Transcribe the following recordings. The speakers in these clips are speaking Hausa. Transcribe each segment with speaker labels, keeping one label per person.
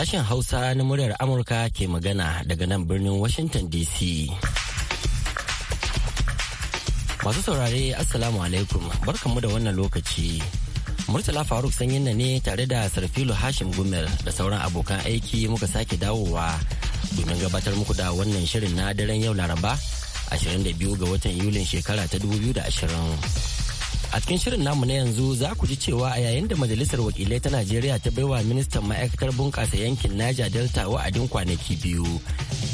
Speaker 1: Sashen Hausa na muryar Amurka ke magana daga nan birnin Washington DC. Masu saurare Assalamu alaikum barkanmu da wannan lokaci. Murtala Faruk sanyin na ne tare da Sarfilu Hashim Gumel da sauran abokan aiki muka sake dawowa domin gabatar muku da wannan shirin na daren yau Laraba 22 ga watan Yulin shekara ta 2020. A cikin shirin namu na yanzu za ku ji cewa a yayin da Majalisar Wakilai ta Najeriya ta baiwa ministan ma'aikatar bunƙasa yankin Niger Delta wa'adin kwanaki biyu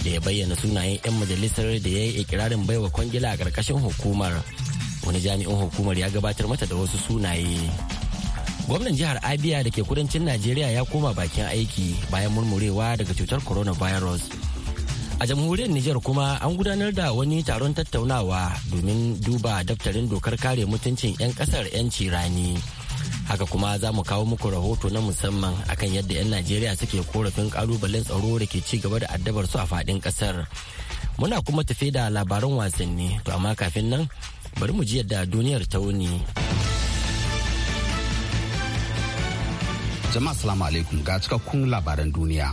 Speaker 1: da ya bayyana sunayen 'yan majalisar da ya yi ikirarin baiwa kwangila a ƙarƙashin hukumar. Wani jami'in hukumar ya gabatar mata da wasu sunaye. gwamnan jihar abia da ke kudancin najeriya ya koma bakin aiki bayan murmurewa daga cutar coronavirus A jamhuriyar Nijar kuma an gudanar da wani taron tattaunawa domin duba daftarin dokar kare mutuncin 'yan kasar 'yanci rani. Haka kuma za mu kawo muku rahoto na musamman akan yadda 'yan Najeriya suke korafin kalubalen tsaro da ke ci gaba da addabar su a fadin kasar Muna kuma tafe da labaran wasanni, to amma kafin nan bari mu ji yadda duniyar ta wuni. Jama'a
Speaker 2: salamu alaikum ga cikakkun labaran duniya.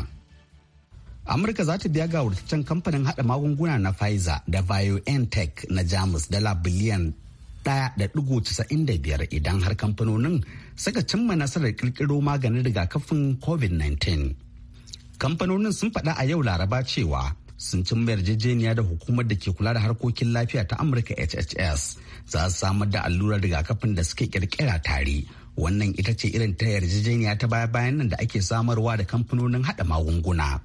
Speaker 2: Amurka za ta biya ga wurtaccen kamfanin hada magunguna na Pfizer da BioNTech na Jamus dala biliyan 1.95 idan har kamfanonin suka cimma nasarar kirkiro maganin rigakafin COVID-19. Kamfanonin sun faɗa a yau Laraba cewa sun cimma yarjejeniya da hukumar da ke kula da harkokin lafiya ta Amurka HHS za su samar da allurar rigakafin da suke kirkira tare. Wannan ita ce irin ta yarjejeniya ta baya-bayan nan da ake samarwa da kamfanonin haɗa magunguna.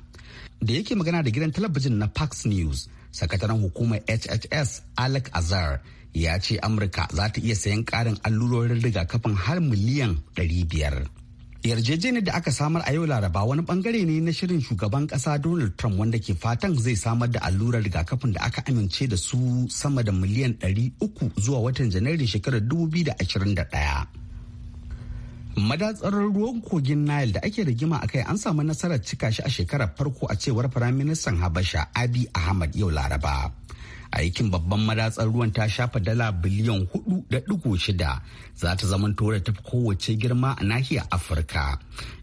Speaker 2: da yake magana da gidan talabijin na Fox News, sakataren hukumar HHS Alec Azar ya ce Amurka za ta iya sayan ƙarin allurorin rigakafin har miliyan 500. Yarjejeniyar da aka samar a yau Laraba wani bangare ne na shirin shugaban kasa Donald Trump wanda ke fatan zai samar da allurar rigakafin da aka amince da su sama da miliyan 300 zuwa watan Janairun shekarar 2021. madatsar ruwan kogin nile da ake rigima a kai an samu nasarar cika shi a shekarar farko a cewar firaministan habasha abi ahmad yau laraba aikin babban madatsar ruwan ta shafa dala biliyan hudu da shida za ta zama tora tafi kowace girma a nahiyar afirka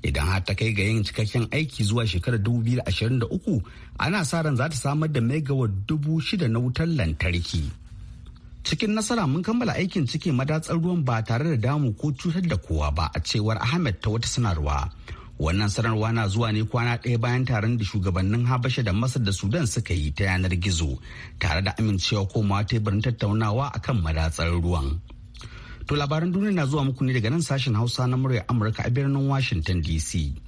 Speaker 2: idan har ta kai ga yin cikakken aiki zuwa shekarar 2023 ana sa ran za ta samar da megawatt dubu shida na wutar lantarki cikin nasara mun kammala aikin cike madatsar ruwan ba tare da damu ko cutar da kowa ba a cewar ahmed ta wata sanarwa wannan sanarwa na zuwa ne kwana ɗaya bayan taron da shugabannin habasha da masar da sudan suka yi ta yanar gizo tare da amincewa komawa teburin tattaunawa akan madatsar ruwan to labaran duniya na zuwa muku ne daga nan sashen hausa na murya amurka a birnin washington dc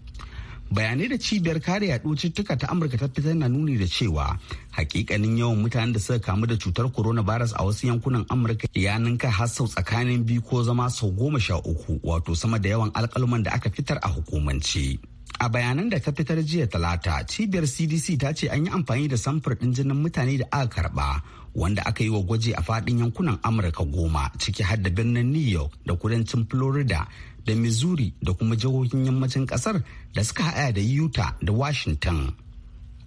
Speaker 2: bayanai da cibiyar kare yaɗo cututtuka ta amurka ta fitar na nuni da cewa hakikanin yawan mutanen da suka kamu da cutar corona coronavirus a wasu yankunan amurka ya ninka har sau tsakanin biyu ko zama sau goma sha uku wato sama da yawan alkaluman da aka fitar a hukumance a bayanan da ta fitar jiya talata cibiyar cdc ta ce an yi amfani da samfur ɗin jinin mutane da aka karba. wanda aka yi wa gwaji a faɗin yankunan amurka goma ciki har da birnin new york da kudancin florida da Missouri da kuma jihohin yammacin kasar da suka haɗa da Utah da Washington.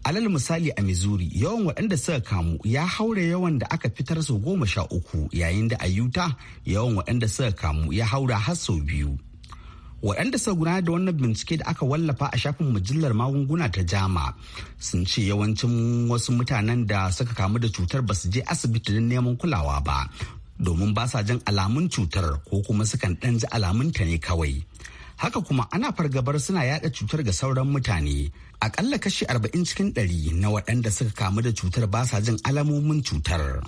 Speaker 2: Alal misali a Missouri yawan waɗanda suka kamu ya haura yawan da aka fitar sau goma sha uku yayin da a Utah yawan waɗanda suka kamu ya haura har sau biyu. waɗanda suka gudanar da wannan bincike da aka wallafa a shafin mujallar magunguna ta jama sun ce yawancin wasu mutanen da suka kamu da cutar ba su je asibiti don neman kulawa ba domin ba sa jin alamun cutar ko kuma sukan ɗan ji alamunta ne kawai. Haka kuma ana fargabar suna yada cutar ga sauran mutane. Akalla kashi arba'in cikin ɗari na waɗanda suka kamu da cutar ba sa jin alamomin cutar.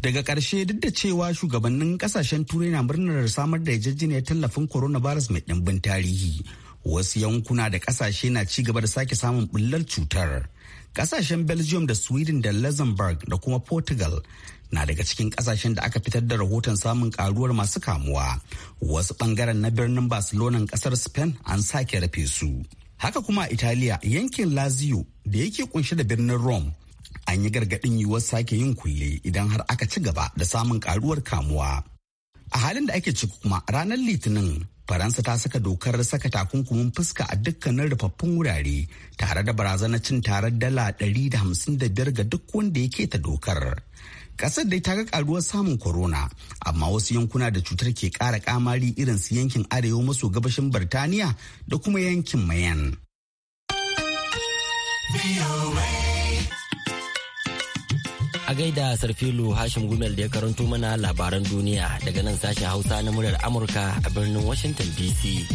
Speaker 2: Daga ƙarshe duk da cewa shugabannin ƙasashen turai na murnar samar da ya tallafin coronavirus mai ɗimbin tarihi. Wasu yankuna da ƙasashe na ci gaba da sake samun ɓullar cutar. kasashen belgium da sweden da luxembourg da kuma portugal na daga cikin kasashen da aka fitar da rahoton samun karuwar masu kamuwa wasu bangaren na birnin barcelona kasar spain an sake rufe su haka kuma a italiya yankin lazio da yake kunshe da birnin rome an yi gargaɗin yiwuwar sake yin kulle idan har aka ci gaba da samun karuwar kamuwa a halin da ake ciki kuma ranar litinin faransa ta saka dokar saka takunkumin fuska a dukkanin rufaffun wurare tare da barazanar cin tarar dala 155 ga duk wanda ya ta dokar Kasar dai ta ga karuwar samun corona, amma wasu yankuna da cutar ke kara kamari irin su yankin arewa maso gabashin Birtaniya da
Speaker 1: kuma yankin Mayan. A gaida Sarfilu Hashim Gumel da ya karanto mana labaran duniya daga nan sashen Hausa na muryar Amurka a birnin Washington DC.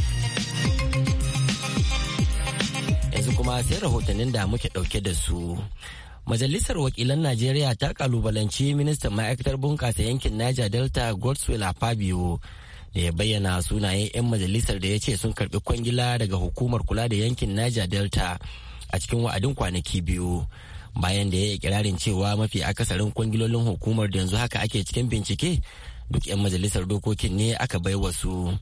Speaker 1: Yanzu kuma sai rahotannin da muke dauke da su. Majalisar Wakilan Najeriya ta kalubalanci ministan ma'aikatar bunƙasa yankin Niger Delta Godswill Fabio da ya bayyana sunayen 'yan majalisar da ya ce sun karbi kwangila daga hukumar kula da yankin Niger Delta a cikin wa'adin kwanaki biyu. Bayan da ya yi kirarin cewa mafi akasarin kwangilolin hukumar da yanzu haka ake cikin bincike duk 'yan majalisar dokokin ne aka bai wasu.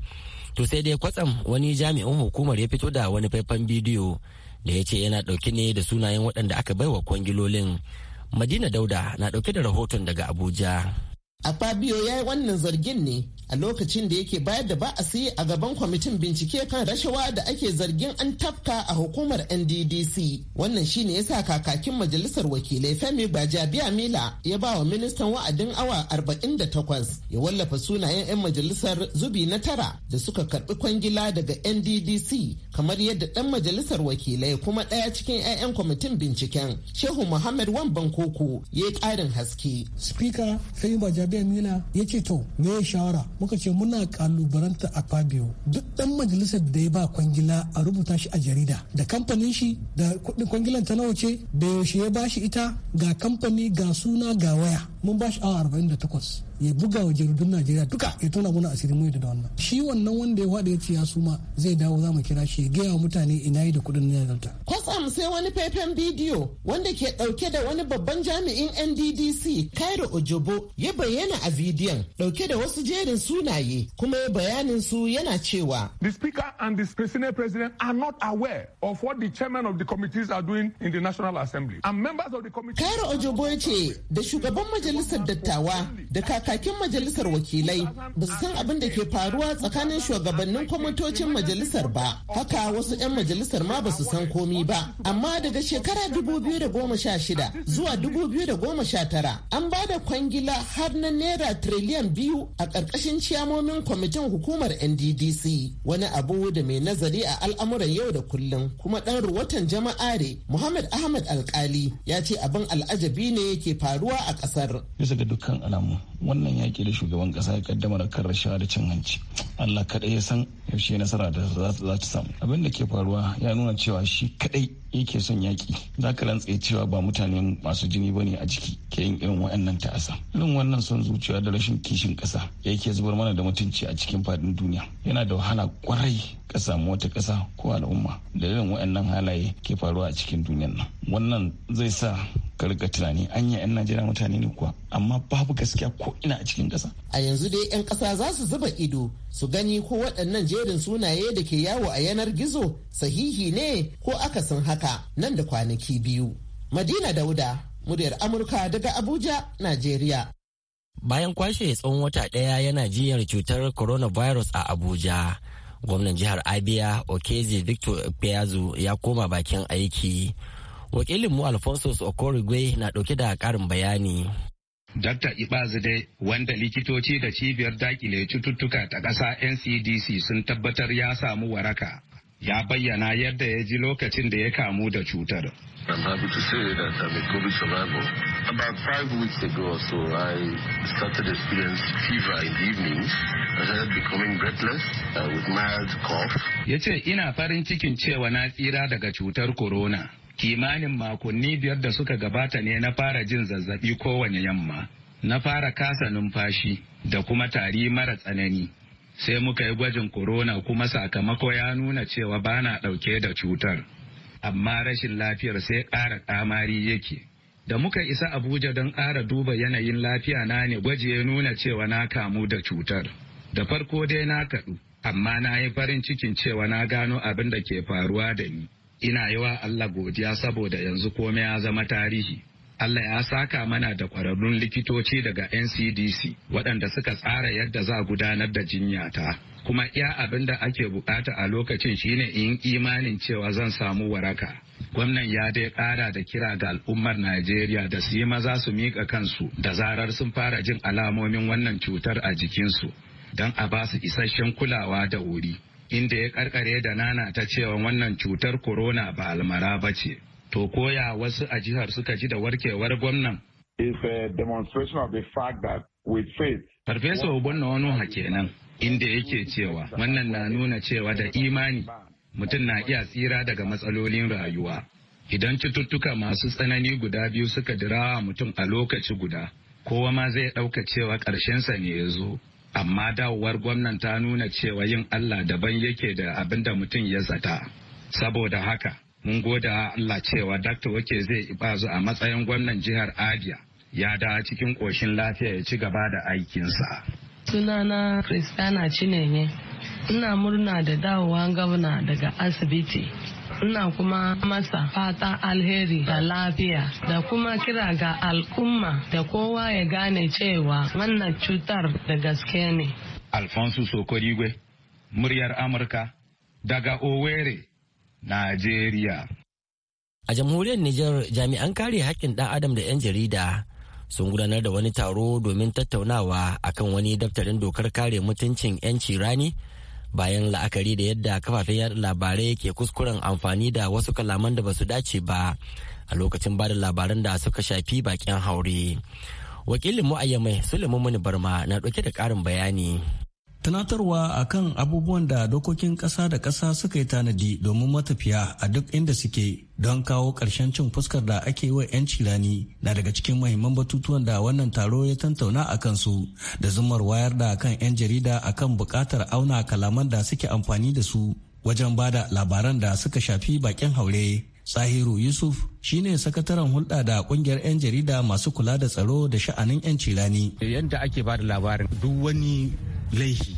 Speaker 1: To sai dai kwatsam wani jami'in hukumar ya fito da wani faifan bidiyo da ya ce yana ɗauke ne da sunayen waɗanda aka baiwa kwangilolin madina dauda na ɗauke da rahoton daga abuja
Speaker 3: A Fabio ya yi wannan zargin ne a lokacin da yake bayar da ba'asi a gaban kwamitin bincike kan rashawa da ake zargin an tafka a hukumar NDDC. Wannan shine yasa kakakin majalisar wakilai Femi Bajabiya Mila ya ba wa ministan wa'adin awa 48 ya wallafa sunayen 'yan majalisar zubi na tara da suka karbi kwangila daga NDDC kamar yadda ɗan majalisar wakilai kuma ɗaya cikin 'ya'yan kwamitin binciken Shehu Muhammad Wan Koko ya yi ƙarin haske. Speaker Femi Rabia Mila ya ce to me
Speaker 4: ya shawara muka ce muna kalubaranta a Fabio duk dan majalisar da ya ba kwangila
Speaker 5: a rubuta shi a jarida
Speaker 4: da kamfanin shi da kudin kwangilan ta nawa ce da yaushe ya bashi ita ga kamfani ga suna ga waya mun bashi awa 48 ya buga wa najeriya duka ya tuna mana asiri mu da wannan shi wannan wanda ya faɗi ya ce ya suma zai dawo za mu kira shi ya
Speaker 3: gaya wa mutane ina yi da kuɗin naira delta. kwatsam sai wani faifan bidiyo wanda ke ɗauke da wani babban jami'in nddc kairo ojobo ya bayyana a bidiyon ɗauke da wasu jerin sunaye kuma ya bayanin su yana cewa. the
Speaker 6: speaker and the senate president
Speaker 3: are not aware of what the chairman of the committees are doing
Speaker 6: in the national assembly
Speaker 3: and members of the committee. kairo ojobo ya ce da shugaban majalisar dattawa da kaka matakin majalisar wakilai ba su san abin da ke faruwa tsakanin shugabannin kwamitocin majalisar ba haka wasu 'yan majalisar ma ba su san komi ba amma daga shekara 2016 zuwa 2019 an ba da kwangila har na naira triliyan biyu a ƙarƙashin ciyamomin kwamitin hukumar nddc wani abu da mai nazari a al'amuran yau da kullum kuma ɗan ruwatan ne muhammad ahmad alkali ya ce abin al'ajabi ne ke faruwa a ƙasar
Speaker 7: wannan yaƙi da shugaban ƙasa ya kaddamar kan rashawa da cin hanci allah kaɗai ya san yaushe nasara da za ta samu abin da ke faruwa ya nuna cewa shi kadai yake son yaki za ka rantse cewa ba mutane masu jini ba ne a jiki ke yin irin wayannan ta'asa irin wannan son zuciya da rashin kishin ƙasa yake zubar mana da mutunci a cikin fadin duniya yana da wahala kwarai ka samu wata ƙasa ko al'umma da irin wa'annan halaye ke faruwa a cikin duniyar nan wannan zai sa ka rika tunani anya 'yan najeriya mutane ne kuwa amma babu gaskiya ko ina a cikin kasa a yanzu
Speaker 3: dai 'yan ƙasa za su zuba ido su gani ko waɗannan jerin sunaye da ke yawo a yanar gizo sahihi ne ko akasin haka nan da kwanaki biyu. Madina Dauda, muryar Amurka daga Abuja, Najeriya.
Speaker 1: Bayan kwashe tsawon wata ɗaya yana jiyar cutar coronavirus a Abuja, gwamnan jihar Abia Okezi Victor piazu ya koma bakin aiki. Wakilinmu Alphonsus Okorigwe na ɗauke da ƙarin bayani. Dr. Ibazide
Speaker 8: wanda likitoci da cibiyar dakile cututtuka ta ƙasa NCDC sun tabbatar ya samu waraka. Ya bayyana yadda ya ji lokacin da ya kamu da cutar. I'm happy to say that I'm a COVID survivor. About five weeks ago or so, I started to experience fever in the
Speaker 2: evenings. I started becoming breathless uh, with mild cough.
Speaker 8: Ya ce ina farin cikin cewa na tsira daga cutar corona. kimanin makonni biyar da suka gabata ne na fara jin zazzabi kowane yamma na fara kasa numfashi da kuma tari mara tsanani sai muka yi gwajin korona kuma sakamako ya nuna cewa ba na ɗauke da cutar amma rashin lafiyar sai ƙara ƙamari yake da muka isa abuja don ƙara duba yanayin lafiya na ne gwaji ya nuna cewa na kamu da cutar da farko dai na kaɗu amma na yi farin cikin cewa na gano abin da ke faruwa da ni ina yi wa Allah godiya saboda yanzu komai ya zama tarihi. Allah ya saka mana da kwararrun likitoci daga NCDC waɗanda suka tsara yadda za gudanar da jinya ta. Kuma iya abin da ake bukata a lokacin shine in imanin cewa zan samu waraka. Gwamnan ya dai ƙara da kira ga al'ummar Najeriya da su yi maza su miƙa kansu da zarar sun fara jin alamomin wannan cutar a jikinsu don a ba su isasshen kulawa da wuri. inda ya karkare da nana ta cewa wannan cutar corona ba almara ba ce. To koya wasu a jihar suka ji da warkewar gwamnan.
Speaker 6: Is a demonstration of the fact that with faith.
Speaker 8: Farfesa wani kenan inda yake cewa wannan na nuna cewa da imani mutum na iya tsira daga matsalolin rayuwa. Idan cututtuka masu tsanani guda biyu suka dirawa mutum a lokaci guda, kowa ma zai ɗauka cewa ƙarshensa ne ya zo. amma dawowar gwamnan ta nuna cewa yin Allah daban yake da abin da mutum ya zata. Saboda haka, mun goda Allah cewa Dr. Wake zai ibazu a matsayin gwamnan jihar Adia ya da cikin ƙoshin lafiya ya ci gaba da aikinsa.
Speaker 1: Sunana Kristana Cinenye, ina murna da dawowa gwamna daga asibiti. ina kuma masa fata alheri da lafiya da kuma
Speaker 9: kira ga al'umma da kowa ya gane cewa wannan cutar da gaske ne.
Speaker 8: Alfonso Sokorigwe, muryar Amurka, daga Owerri,
Speaker 1: Najeriya. A jamhuriyar Nijar jami'an kare haƙƙin ɗan Adam da 'yan jarida sun gudanar da wani taro domin tattaunawa akan wani daftarin dokar kare mutuncin 'yanci rani bayan la'akari da yadda kafafen yada labarai ke kuskuren amfani da wasu kalaman da basu dace ba a lokacin bada labaran da suka shafi bakin haure wakilin Mu'ayyamai a Mani barma na dauke da ƙarin bayani
Speaker 4: tunatarwa akan abubuwan da dokokin ƙasa da ƙasa suka yi tanadi domin matafiya a duk inda suke don kawo ƙarshen cin fuskar da ake wa 'yanci rani na daga cikin mahimman batutuwan da wannan taro ya tantauna a kansu da zumar wayar da kan 'yan jarida a kan buƙatar auna kalaman da suke amfani da su wajen bada labaran da suka shafi bakin haure Sahiru Yusuf shine sakataren hulɗa da ƙungiyar 'yan jarida masu kula da tsaro da sha'anin 'yan cirani. Yadda ake ba da labarin duk wani laifi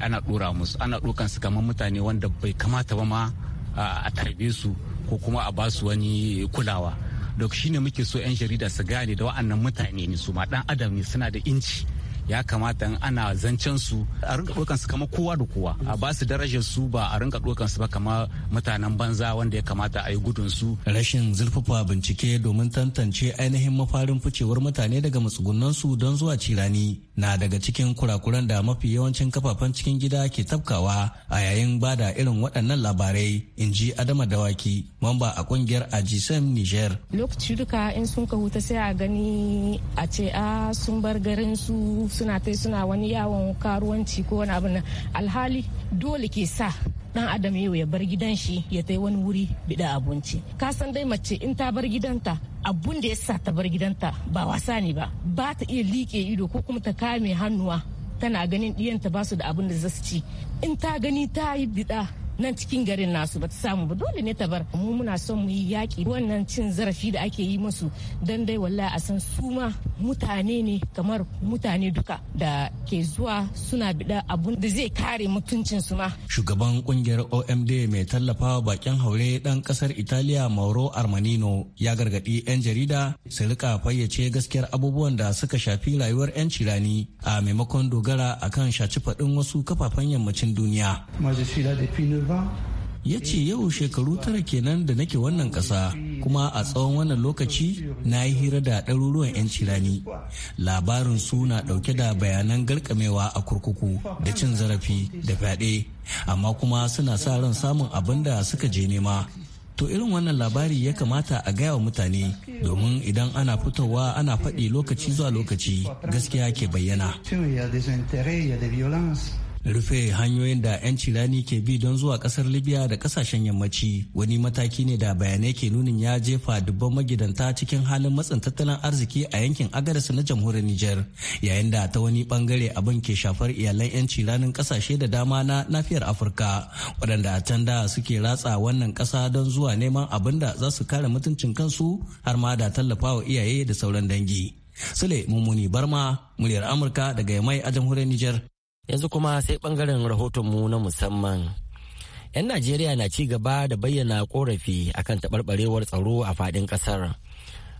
Speaker 4: ana ɗora musu ana ɗokan su kamar mutane wanda bai kamata ba ma
Speaker 8: a tarbe su ko kuma a ba su wani kulawa. dok shine muke so 'yan jarida su gane da wa'annan mutane ne su ma dan adam ne suna da inci ya kamata in ana zancen su a rinka ɗaukan su kamar kowa da kowa a ba su darajar su ba a rinka ɗaukan su ba kama mutanen banza wanda ya kamata a yi gudun su.
Speaker 4: Rashin zulfafa bincike domin tantance ainihin mafarin ficewar mutane daga matsugunan su don zuwa cirani na daga cikin kurakuran da mafi yawancin kafafen cikin gida ke tafkawa a yayin ba da irin waɗannan labarai in ji Adama Dawaki mamba a ƙungiyar Ajisem Niger.
Speaker 9: Lokaci duka in sun ka huta sai a gani a ce a ah, sun bar garin su suna tai suna wani yawon karuwanci ko wani abin alhali dole ke sa dan adam yau ya bar gidan shi ya tai wani wuri bida abinci ka san dai mace in ta bar gidanta abun da ya sa ta bar gidanta ba wasa ne ba ba ta iya liƙe ido ko kuma ta kame hannuwa tana ganin ɗiyanta ba su da abin da za su ci in ta gani ta yi bida nan cikin garin nasu ba ta samu ba dole ne ta bar mu muna son mu yi yaƙi wannan cin zarafi da ake yi musu dan dai wallahi a san su ma mutane ne kamar mutane duka da ke zuwa suna bida abun da zai kare mutuncin su ma
Speaker 4: shugaban kungiyar OMD mai tallafa bakin haure dan kasar Italiya Mauro Armanino ya gargadi 'yan jarida su rika fayyace gaskiyar abubuwan da suka shafi rayuwar 'yan cirani a maimakon dogara akan shaci faɗin wasu kafafen yammacin duniya. masu da da ya ce yau shekaru tara kenan da nake wannan ƙasa kuma a tsawon wannan lokaci na yi hira da ɗaruruwan 'yan cirani labarin su na ɗauke da bayanan garkamewa a kurkuku da cin zarafi da fyaɗe amma kuma suna sa ran samun abin da suka je nema to irin wannan labari ya kamata a gaya wa mutane domin idan ana fitowa ana faɗi lokaci zuwa lokaci gaskiya ke bayyana rufe hanyoyin da 'yan cirani ke bi don zuwa kasar libya da kasashen yammaci wani mataki ne da bayanai ke nunin ya jefa dubban magidanta cikin halin matsin tattalin arziki a yankin agadas na jamhuriyar niger yayin da ta wani bangare abin ke shafar iyalan 'yan ciranin kasashe da dama na nafiyar afirka waɗanda a can da suke ratsa wannan ƙasa don zuwa neman abin da za su kare mutuncin kansu har ma da tallafawa iyaye
Speaker 1: da sauran dangi sule mummuni barma muryar amurka daga yamai a jamhuriyar Nijar. yanzu kuma sai bangaren rahotonmu na musamman 'yan najeriya na ci gaba da bayyana korafi akan taɓarɓarewar tsaro a faɗin ƙasar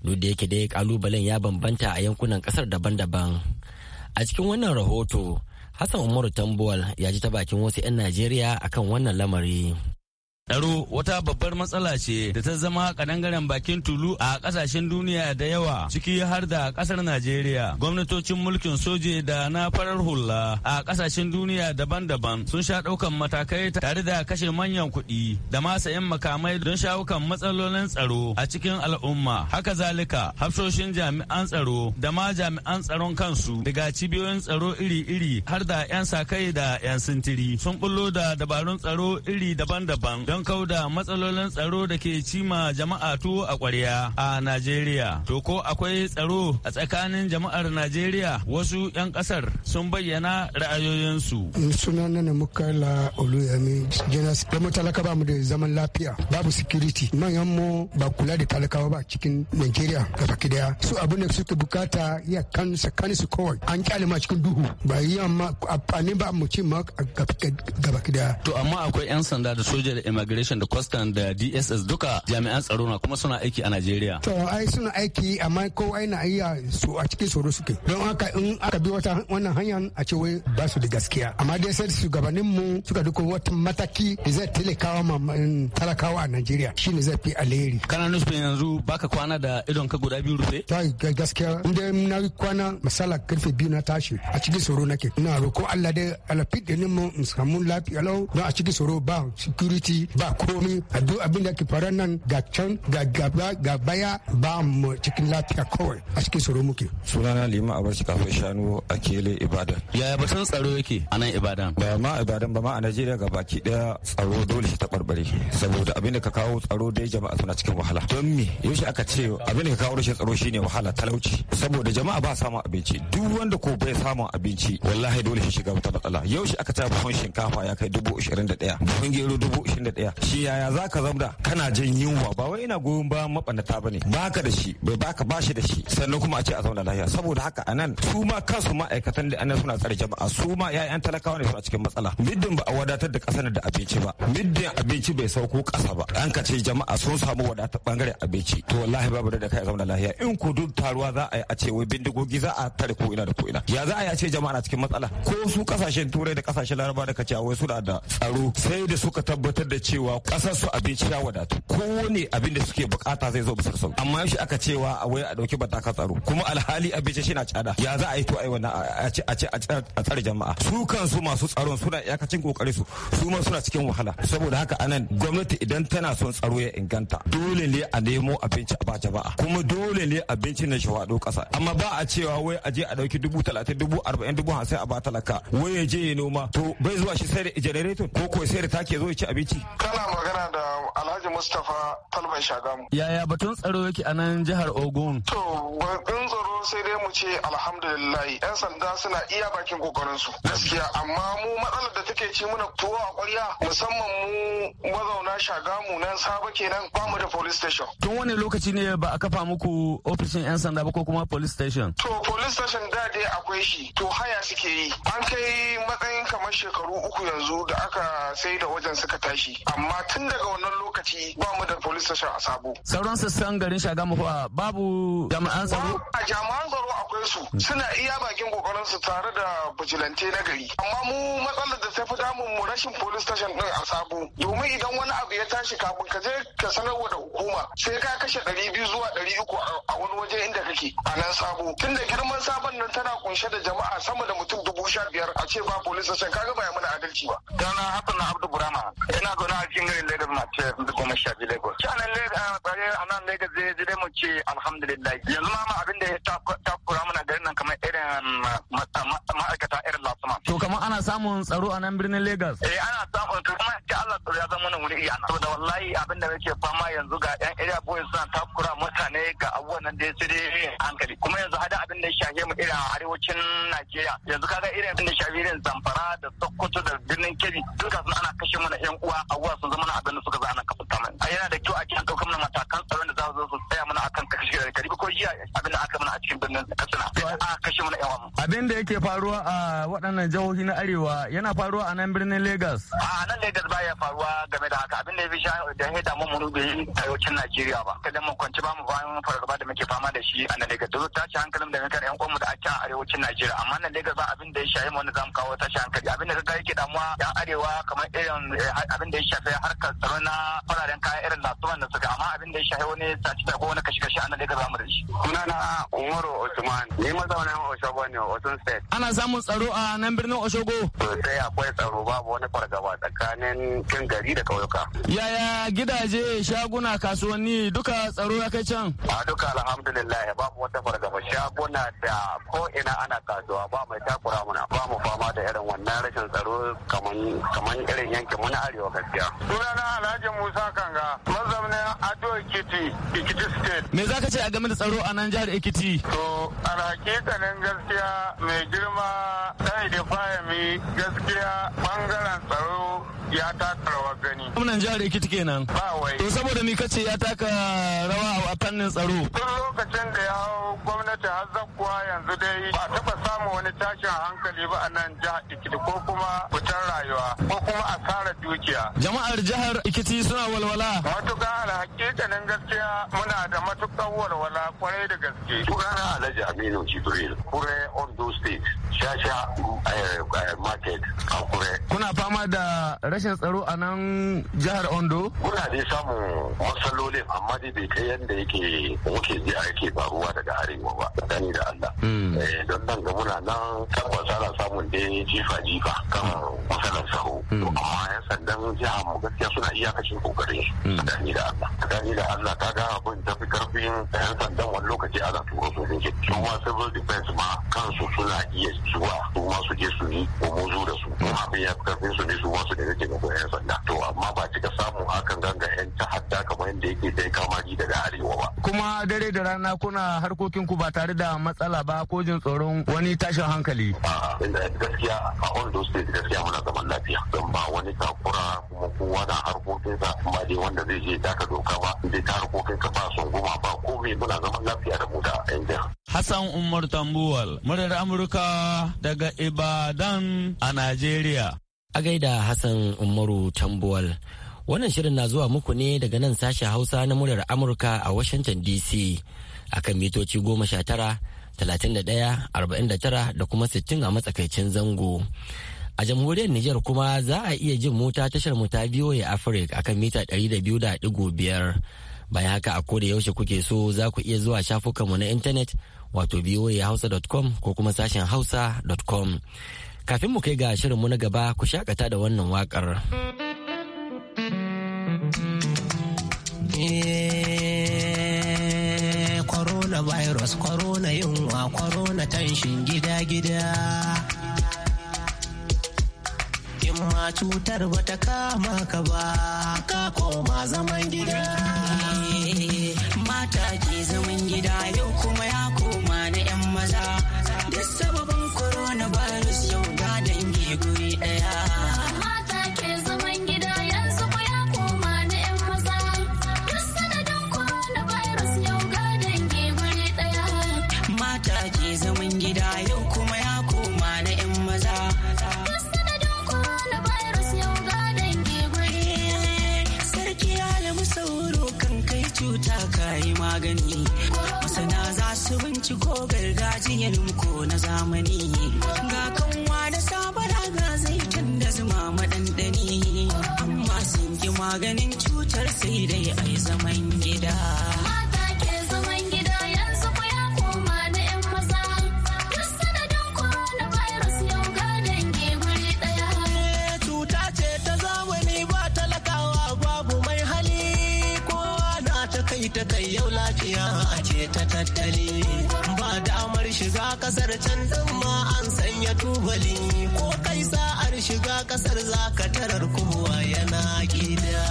Speaker 1: duk da yake dai kalubalen ya bambanta a yankunan ƙasar daban-daban a cikin wannan rahoto hassan umaru tambuwal ya ji ta bakin wasu 'yan najeriya akan wannan lamari Tsaro
Speaker 6: wata babbar matsala ce da ta zama kadangaren bakin tulu a kasashen duniya da yawa ciki har da kasar Najeriya. Gwamnatocin mulkin soje da na farar hula a kasashen duniya daban-daban sun sha ɗaukan matakai tare da kashe manyan kuɗi da ma sayan makamai don shawo matsalolin tsaro a cikin al'umma. Haka zalika hafsoshin jami'an tsaro da ma jami'an tsaron kansu daga cibiyoyin tsaro iri-iri har da 'yan sakai da 'yan sintiri sun bullo da dabarun tsaro iri daban-daban don kauda matsalolin tsaro da ke cima jama'a tu a kwarya a Najeriya. To ko akwai tsaro a tsakanin jama'ar Najeriya wasu 'yan kasar sun bayyana
Speaker 5: ra'ayoyinsu. Sunana na Mukala Oluyami Jonas da talaka ba mu da zaman lafiya babu security manyan mu ba kula da talakawa ba cikin Najeriya baki daya su abin da suke bukata ya kan sakani su kawai an kyale ma cikin duhu ba yi amma amfani ba mu ce ma baki daya.
Speaker 6: To amma akwai 'yan sanda da soja da immigration da custom da dss duka jami'an tsaro na kuma suna aiki a najeriya to
Speaker 5: ai suna aiki amma ko ai na iya su a cikin tsoro suke don haka in aka bi wata wannan hanyar a ce wai ba su da gaskiya amma dai sai shugabannin mu suka duka wata mataki da zai talakawa ma mm, talakawa a najeriya shine zai fi alheri
Speaker 6: kana nufin yanzu baka kwana da idon ka guda biyu rufe
Speaker 5: ta gaskiya inda na kwana misala karfe biyu na tashi a cikin tsoro nake ina roko Allah dai alafi da mu in samu lafiya lau don a cikin tsoro ba security ba komi a duk abin da ke faruwa nan ga can ga gaba ga baya ba mu cikin lafiya kawai a cikin tsaro muke.
Speaker 7: sunana lima a barci kafin shanu a kele ibadan. yaya batun tsaro yake a nan ibadan. ba ma ibadan ba ma a najeriya ga baki daya tsaro dole shi taɓarɓare saboda abin da ka kawo tsaro dai jama'a suna cikin wahala. don me yaushe aka ce abin da ka kawo rashin tsaro shine wahala talauci saboda jama'a ba samun abinci duk wanda ko bai samun abinci wallahi dole shi shiga wata matsala yaushe aka ce buhun shinkafa ya kai dubu ashirin da ɗaya buhun gero dubu ashirin da daya shi yaya za ka zamda kana jin yunwa ba wai ina goyon ba mabannata ba ne baka da shi bai baka bashi da shi sannan kuma a ce a zauna lafiya saboda haka anan su ma kansu ma'aikatan da anan suna tsare jama'a su ma ya'yan talakawa ne suna cikin matsala middin ba a wadatar da kasar da abinci ba middin abinci bai sauko kasa ba an ka ce jama'a sun samu wadatar bangaren abinci to wallahi babu da kai a zauna lafiya in ku duk taruwa za a yi a ce wai bindigogi za a tare ko ina da ko ina ya za a yi a ce jama'a na cikin matsala ko su kasashen turai da kasashen laraba da kace wai suna da tsaro sai da suka tabbatar da cewa kasar su abinci ya wadatu kowane abin da suke bukata zai zo bisa sauki amma shi aka cewa a wai a dauki bataka tsaro kuma alhali abinci shi na tsada ya za a yi to ai wannan a ce a ce a tsare jama'a su kansu masu tsaron suna iyakacin kokarin su su ma suna cikin wahala saboda haka anan gwamnati idan tana son tsaro ya inganta dole ne a nemo abinci a ba jama'a kuma dole ne abinci na shawado kasa amma ba a cewa wai a je a dauki dubu talatin dubu arba'in dubu hamsin a ba talaka wai ya je ya noma to bai zuwa shi sai da generator ko ko sai da take zo ya ci abinci kana magana da
Speaker 10: Alhaji Mustapha Talban Shagamu.
Speaker 6: Yaya batun tsaro yake a nan jihar Ogun?
Speaker 10: To, batun tsaro sai dai mu ce alhamdulillah 'yan sanda suna iya bakin kokarin su. Gaskiya amma mu matsalar da take ci muna tuwo a ƙwarya musamman mu mazauna Shagamu nan saba kenan ba mu da police station. Tun wani
Speaker 6: lokaci ne ba a kafa muku ofishin 'yan sanda ba ko kuma police station?
Speaker 10: To, police station da dai akwai shi. To, haya suke yi. An kai matsayin kamar shekaru uku yanzu da aka sai da wajen suka
Speaker 7: tashi. Amma tun daga wannan lokaci lokaci ba mu da police station a sabo.
Speaker 6: Sauran sassan garin Shagamu fa babu jami'an tsaro.
Speaker 7: A jami'an tsaro akwai su hmm. suna iya bakin kokarin su tare da bujilante na gari. Amma mu matsalar da ta fi damun mu rashin police station din a sabo. Domin idan wani abu ya tashi kafin ka je ka sanarwa da hukuma sai ka
Speaker 6: kashe ɗari biyu zuwa ɗari uku a wani waje inda kake a nan sabo. Tunda girman sabon nan tana kunshe da jama'a sama da mutum dubu sha biyar a ce ba police station kaga ba ya mana adalci ba. Dana Hassan Abdul Burama Ina zaune a cikin garin Lagos Mace da goma sha biyu lagos ci anan ah, a nan lagos zai zai mu ce alhamdulillah yanzu ma abin da ya takura mana garin nan kamar irin ma'aikata irin lasuma to kamar ana samun tsaro a nan birnin lagos eh ana samun to kuma ya Allah tsaro ya zama mana wuri iya saboda wallahi abin da muke fama yanzu ga yan area boys suna takura mutane ga abubuwan nan da ya sai hankali da ya shafe mu irin arewacin Najeriya yanzu kaga irin abin da shafi irin Zamfara da Sokoto da birnin Kebbi duka suna ana kashe mana yan uwa a sun zama abin da suka zana kafa a yana da karkari ko jiya abin da
Speaker 7: aka mana a cikin birnin katsina a kashe mana yawan
Speaker 6: abin da yake faruwa a waɗannan jihohi na arewa yana faruwa a nan birnin lagos a nan lagos
Speaker 10: ba ya faruwa game da haka abin da ya fi sha da ya damu mu bai yi tayocin najeriya ba kada mu kwanci ba mu bayan fargaba da muke fama da shi a nan lagos dole tashi hankalin da muke yan uwanmu da ake a arewacin najeriya amma nan lagos ba abin da ya shafi mu wanda zamu kawo tashi
Speaker 7: hankali abin da kaga yake damuwa yan arewa kamar irin eh, abin da ya shafi harkar tsaro na fararen kaya irin lasuman da suka amma abin da ya shafi wani sati ko wani kashi-kashi a nan lagos ba Umaru Usman, ni mazaunin Oshogo ne, Osun State.
Speaker 6: Ana samun tsaro a nan birnin Oshogo?
Speaker 7: Sosai akwai tsaro babu wani fargaba tsakanin cin gari da kauyuka
Speaker 6: Yaya gidaje, shaguna, kasuwanni duka tsaro ya kai can?
Speaker 7: A duka alhamdulillah babu wata fargaba shaguna da ko ina ana kasuwa ba mai takura muna ba mu fama da irin wannan rashin tsaro kaman irin yankin mu na arewa gaskiya. Sunana
Speaker 6: Alhaji Musa Kanga, mazaunin Ado Ikiti, Ikiti State. Me za ka ce a game da tsaro a nan jihar Ekiti? To, a hakikanin gaskiya mai girma sai da fahimi gaskiya bangaren tsaro ya taka rawa gani. Gwamnan jihar Ekiti kenan. Ba wai. To saboda mi kace ya taka rawa a fannin tsaro. Tun lokacin da ya hau gwamnati har zakkuwa yanzu dai ba taɓa samun wani tashin hankali
Speaker 7: ba a nan jihar Ekiti ko kuma fitar rayuwa ko kuma asarar dukiya.
Speaker 6: Jama'ar jihar Ekiti suna walwala. Matuƙa alhakikanin gaskiya muna
Speaker 7: da matuƙar walwala. walwala kwarai da gaske. Sunana Alhaji Aminu Jibril, Kure Ondo State, Shasha eh, eh, Market a Kure.
Speaker 6: Kuna fama da rashin tsaro a nan jihar Ondo? kuna
Speaker 7: dai samun matsalolin amma dai bai kai yadda yake muke ji a yake faruwa daga arewa ba, tsakani da Allah. Hmm. Eh, don nan ga muna nan tabbas ana samun dai jifa-jifa kan matsalar tsaro. Hmm. Amma 'yan sandan jihar mu gaskiya suna iyakacin kokarin hmm. tsakani da Allah. Tsakani da Allah ga abin tafi karfin yan sandan wani lokaci ana su sojoji su ma civil defense ma kansu suna iya zuwa su ma su je su yi da su abin ya karfin su ne su ma su da yake gaban yan sanda to amma ba cika samun hakan ganga yan ta'adda kamar yadda yake dai kamari daga arewa
Speaker 6: ba kuma dare da rana kuna harkokin ku ba tare da matsala ba ko jin tsoron wani tashin hankali.
Speaker 7: Inda gaskiya a those days gaskiya muna zaman lafiya don ba wani takura kuma kowa na harkokin sa ba dai wanda zai je ka doka ba zai ta ka ba goma ba komai muna zaman lafiya da mu da 'yan
Speaker 6: Hassan Umar Tambuwal, murar Amurka daga Ibadan a
Speaker 1: Najeriya. A gaida Hassan Umaru Tambuwal. Wannan shirin na zuwa muku ne daga nan sashen Hausa na muryar Amurka a Washington DC akan mitoci goma sha tara, talatin da ɗaya, arba'in da tara da kuma sittin a matsakaicin zango. A jamhuriyar Nijar kuma za a iya jin mota tashar mu ta VOA a akan mita ɗari da da 200.5. Bayan haka a koda yaushe kuke so za ku iya zuwa shafukanmu na intanet wato hausa.com ko kuma sashen hausa.com. Kafin mu kai ga shirinmu na gaba ku shakata da wannan waƙar.
Speaker 9: Eh, corona virus corona yunwa corona tanshin gida-gida in ma cutar bata kama ka ba ka koma zaman gida mata ke zaman gida yau kuma ya koma na 'yan maza da sababin corona virus yau ga dangi guri daya cuta ka magani masana za su binciko gargajiyar ko na zamani ga kanwa da sabara ga zaitun da zuma madandani amma sun yi maganin cutar sai dai ai zaman gida. tattali ba damar shiga kasar can din ma an sanya tubali ko kai
Speaker 3: sa'ar shiga kasar zaka tarar kowa yana gida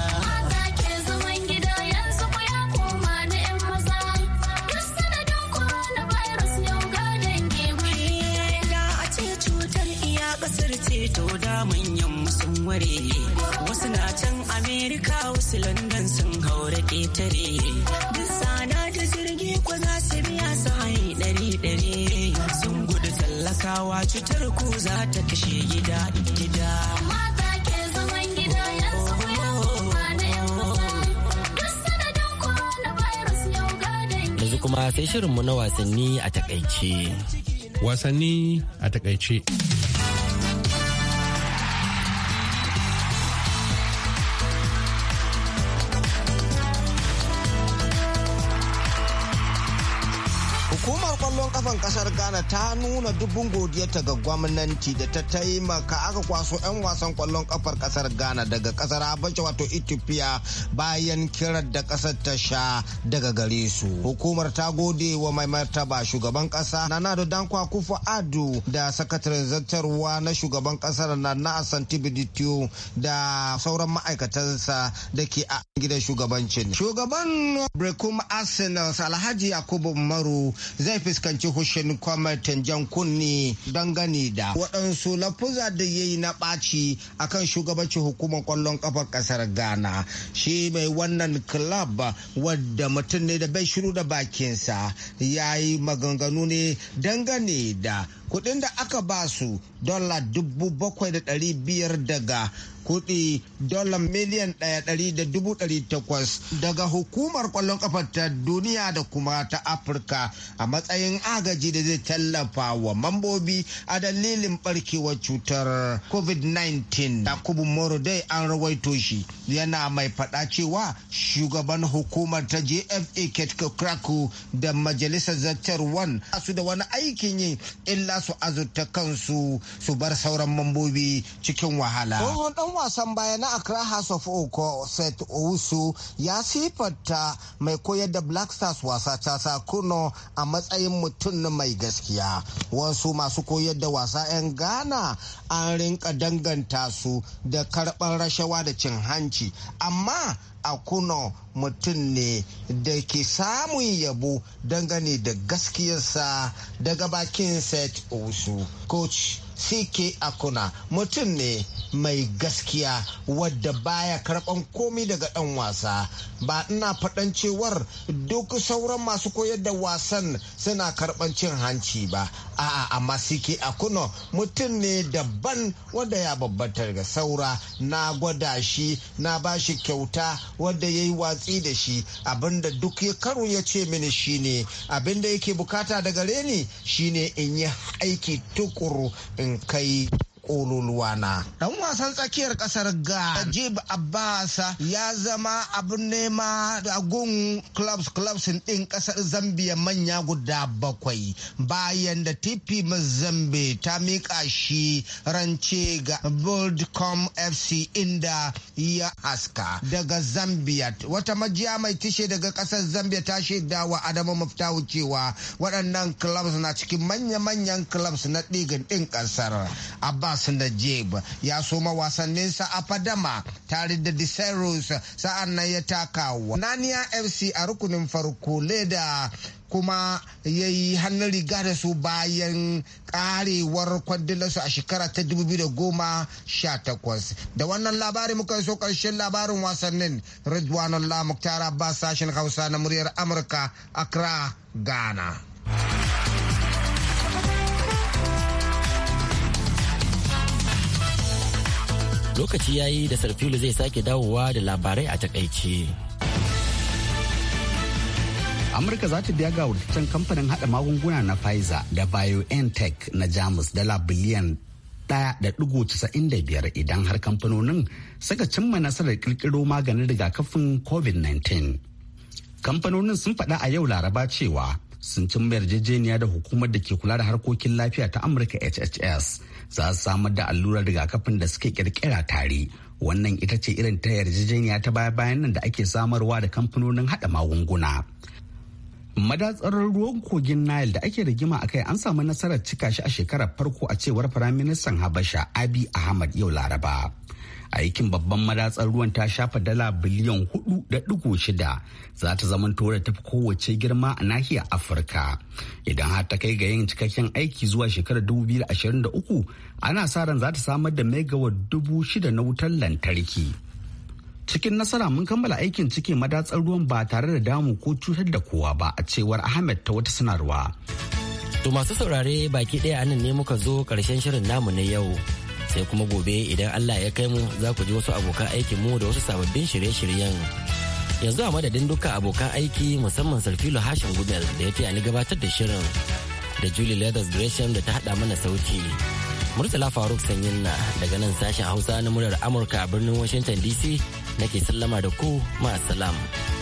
Speaker 9: ce to manyan sun ware wasu na can amerika wasu london sun haura ƙetare duk kawa cutar ku za ta kashe gida gida.
Speaker 1: Yanzu kuma sai shirinmu na wasanni a takaice. Wasanni a takaice.
Speaker 10: nuna dubun godiyarta ga gwamnati da ta taimaka aka kwaso 'yan wasan kwallon kafar kasar ghana daga kasar habasha wato ethiopia bayan kirar da kasar ta sha daga gare su hukumar ta gode wa mai martaba shugaban kasa na nado dankwa kufa ado da sakataren zartarwa na shugaban kasar na asanti da sauran ma'aikatansa da ke a gidan shugabancin shugaban brekum arsenal alhaji yakubu maru zai fuskanci hushin kwamitin wajen kunni dangane da waɗansu lafuza da ya yi na ɓaci a kan shugabancin hukumar ƙwallon ƙafar ƙasar ghana shi mai wannan club wadda mutum ne da bai shiru da bakinsa ya yi maganganu ne dangane da kuɗin da aka ba su dala dubu bakwai da ɗari biyar daga kuɗi dola miliyan ɗaya ɗari da dubu ɗari takwas daga hukumar ƙwallon ƙafar ta duniya da kuma ta afirka a matsayin agaji da zai tallafa wa mambobi a dalilin ɓarkewar cutar covid-19 da kubu moro dai an rawaito shi yana mai faɗa cewa shugaban hukumar ta jfa ketko kraku da majalisar wan su da wani aikin yi illa su azurta kansu su bar sauran mambobi cikin wahala dan wasan baya na Accra House of Oko Seth Owusu ya sifata mai koyar da Black Stars wasa ta sakuno a matsayin mutum mai gaskiya. Wasu masu koyar da wasa 'yan Ghana an rinka danganta su da karɓar rashawa da cin hanci. Amma a kuno mutum ne da ke samun yabo dangane da gaskiyarsa daga bakin set Owusu. Coach CK Akuna mutum ne mai gaskiya wadda baya karɓan komi daga ɗan wasa ba ina faɗan cewar duk sauran masu koyar da wasan suna karɓan cin hanci ba a'a amma a akuno mutum ne daban wanda ya babbata ga saura na gwada shi na ba shi kyauta wanda ya yi watsi da shi abinda duk ya karo ya ce mini shi shine abinda yake bukata da gare ni shine in yi aiki tukuru in kai kololuwa dan wasan tsakiyar kasar ga Najib Abbas ya zama abin nema da gun clubs clubs din kasar Zambia manya guda bakwai bayan da TP Mazambe ta mika shi rance ga Boldcom FC inda ya aska daga Zambia wata majiya mai tishe daga kasar Zambia ta shaida wa Adamu Muftahu cewa waɗannan clubs na cikin manya-manyan clubs na ɗigin ɗin kasar Abbas da jeb ya soma wasanninsa a fadama tare da deseros sa'an nan ya taka wa fc a rukunin farko leda kuma ya yi hannun riga da su bayan karewar kwandilarsu a shekara ta 2018 da wannan labari muka so karshen labarin wasannin ridwanullah muktar abbas sashen hausa na muryar amurka accra ghana
Speaker 1: lokaci yayi da sarfilu zai sake dawowa da labarai a takaice amurka za ta biya ga wurtaccen kamfanin hada
Speaker 2: magunguna na pfizer da biontech na jamus dala biliyan biyar idan har kamfanonin suka cimma nasarar kirkiro maganin rigakafin covid-19 kamfanonin sun faɗa a yau laraba cewa sun cimma yarjejeniya da hukumar da ke kula da harkokin lafiya ta amurka hhs za su samar da allurar rigakafin da suke kirkira tare wannan ita ce irin ta yarjejeniya ta baya bayan nan da ake samarwa da kamfanonin hada magunguna madatsarar ruwan kogin nile da ake rigima a kai an samu nasarar cika shi a shekarar farko a cewar firaministan habasha abi ahmad yau laraba aikin babban madatsar ruwan ta shafa dala biliyan hudu da dugu shida za ta zama tora tafi kowace girma a nahiyar afirka idan har ta kai ga yin cikakken aiki zuwa shekarar 2023 ana sa ran za ta samar da megawar dubu shida na wutar lantarki cikin nasara mun kammala aikin cike madatsar ruwan ba tare da damu ko cutar da kowa ba a cewar ahmed ta wata sanarwa
Speaker 1: to masu saurare baki ɗaya anan ne muka zo karshen shirin namu na yau sai kuma gobe idan Allah ya kai mu za ku ji wasu abokan aikin mu da wasu sababbin shirye-shiryen yanzu a madadin duka abokan aiki musamman sarfilo hashin gudel da ya taya ni gabatar da shirin da julie leathers gresham da ta hada mana sauti murtala faruk sanyin na daga nan sashen hausa na muryar amurka a birnin washington dc nake sallama da ku ma'asalam. salam